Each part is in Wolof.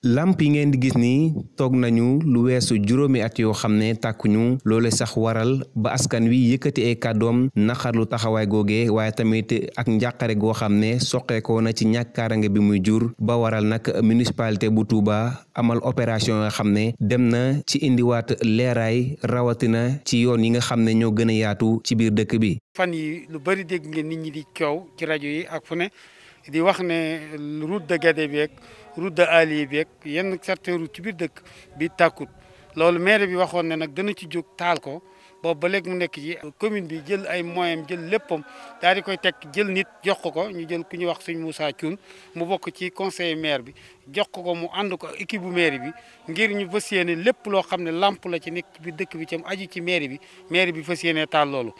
lamp yi ngeen di gis ni toog nañu lu weesu juróomi at yoo xam ne tàkkuñu loole sax waral ba askan wi yëkkati ay kàddoom naxarlu taxawaay googe waaye tamit ak njàqare goo xam ne soqeekoo na ci ñàkkaarange bi muy jur ba waral nag municipalité bu Touba amal opération yoo xam ne dem na ci indiwaat leeraay rawatina ci yoon yi nga xam ne ñoo gën a yaatu ci biir dëkk bi. fan dégg nit ñi di coow ci rajo yi ak wax ne route de Guédé bi route de allié bi ak yenn certaines routes ci biir dëkk bi tàkkut loolu maire bi waxoon ne nag dana ci jóg taal ko boobu ba léegi mu nekk ci commune bi jël ay moyens jël léppam daal di koy teg jël nit jox ko ko ñu jël ku ñu wax suñ Moussa Thioune mu bokk ci conseil maire bi jox ko ko mu ànd ko équipe bu maire bi ngir ñu fas yéene lépp loo xam ne làmp la ci nekk bi dëkk bi ci am aju ci maire bi maire bi fas yéene taal loolu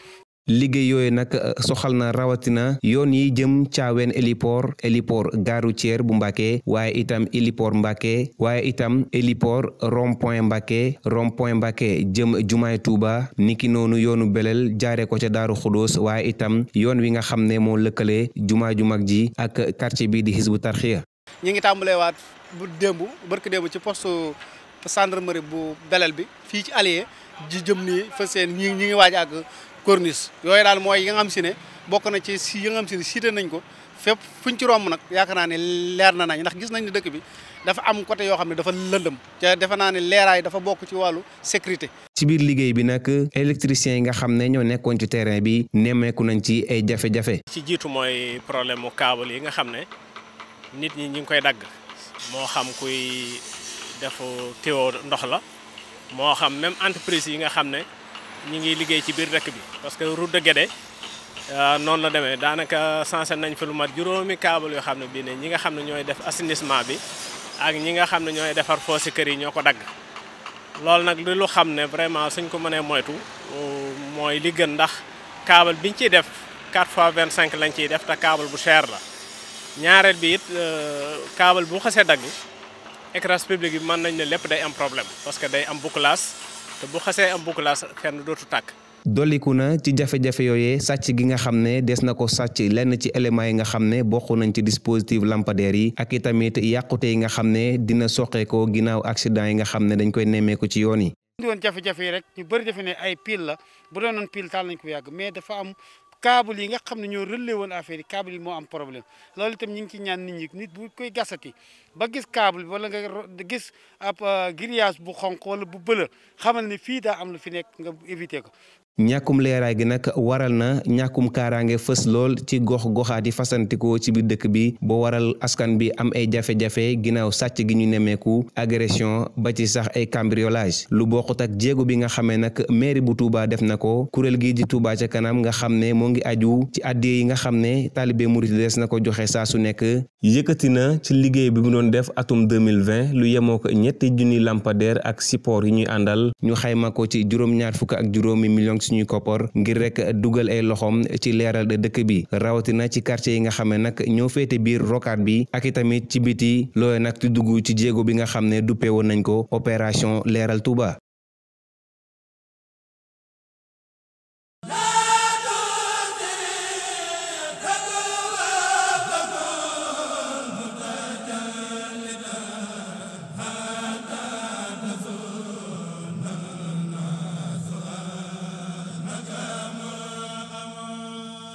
liggéey yooyu nag euh, soxal na rawatina yoon yi jëm caaween héliport héliport gaaru routière bu Mbàkke waaye itam héliport Mbàkke waaye itam héliport rond point Mbàkke rond point Mbàkke jëm jumaay Tuuba niki noonu yoonu belel jaare ko ca Daaru Xudóos waaye itam yoon wi nga xam ne moo lëkkale jumaa ju mag ji ak quartier bii di Hizbut Tarqiyyah ñi ngi tàmbalee waat bu démb barki démb ci poste gendarmerie bu belel bi fii ci allié ji jëm nii fa ñi ngi waaj ak cornis yooyu daal mooy yi nga xam si ne bokk na ci si yi nga ne cité nañ ko fépp fuñ ci romb nag yaakaar naa ne leer na nañ ndax gis nañ ne dëkk bi dafa am côté yoo xam ne dafa lëndëm te defe naa ne leeraay dafa bokk ci wàllu sécurité. ci biir liggéey bi nag électriciens yi nga xam ne ñoo nekkoon ci terrain bi nemmeeku nañ ci ay jafe-jafe. ci jiitu mooy problème mu câble yi nga xam ne nit ñi ñu ngi koy dagg moo xam kuy def teewoo ndox la moo xam même entreprise yi nga xam ne. ñi ngi liggéey ci biir dëkk bi parce que route de Guédé euh, noonu la demee daanaka sensé nañ fi lu mat juróomi kaabal yoo xam ne bii ne ñi nga xam ne ñooy def assainissement bi ak ñi nga xam ne ñooy defar foosi kër yi ñoo ko dagg loolu nag lu xam ne vraiment suñ ko mënee moytu euh, mooy li gën ndax câble biñ ci def 4 fois 25 lañ ciy def te câble bu cher la ñaareel bi it kaabal euh, bu xasee dagg éclairage public bi mën nañ ne lépp day am problème parce que day am bouclage te bu xasee am bouclage fenn dootu tàkk. dolliku na ci jafe-jafe yooyee sàcc gi nga xam ne des na ko sàcc lenn ci éléments yi nga xam ne bokk nañ ci dispositif lampadaire yi ak i tamit yàqute yi nga xam ne dina soqeekoo ginnaaw accident yi nga xam ne dañ koy nemmeeku ci yoon yi. indi woon jafe-jafe yi rek ñu bëri defe ne ay pile la bu doonoon pile taal nañ ko yàgg câble yi nga xam ne ñoo relais woon affaire yi câble moo am problème loolu itam ñu ngi ci ñaan nit ñi nit bu koy gasati ba gis câble bi wala nga gis ab euh, grillage bu xonq wala bu bëla xamal ni fii daa am lu fi nekk nga éviter ko ñàkkum leeraay gi nag waral na ñàkkum kaaraange fës lool ci gox goxaati fasantikoo ci biir dëkk bi ba waral askan bi am ay jafe-jafe ginnaaw sàcc gi ñu nemmeeku agression ba ci sax ay cambriolage lu bokkut ak jéego bi nga xamee nag mairie bu Touba def na ko kuréel gii di Touba ca kanam nga xam ne moo ngi aju ci addiya yi nga xam ne taalibe murit des na ko joxe saa su nekk yëkkati na ci liggéey bi mu doon def atum 2020 lu yemoo ko ñetti junni lampadaire ak support yi ñuy àndal ñu xayma ko ci juróom-ñaar fukk ak juróomi million suñuy koppar ngir rek dugal ay loxoom ci leeral dëkk bi rawatina ci quartier yi nga xam ne nag ñoo féete biir rocade bi ak i tamit ci biti looy nag di dugg ci jéego bi nga xam ne duppee woon nañ ko opération leeral Touba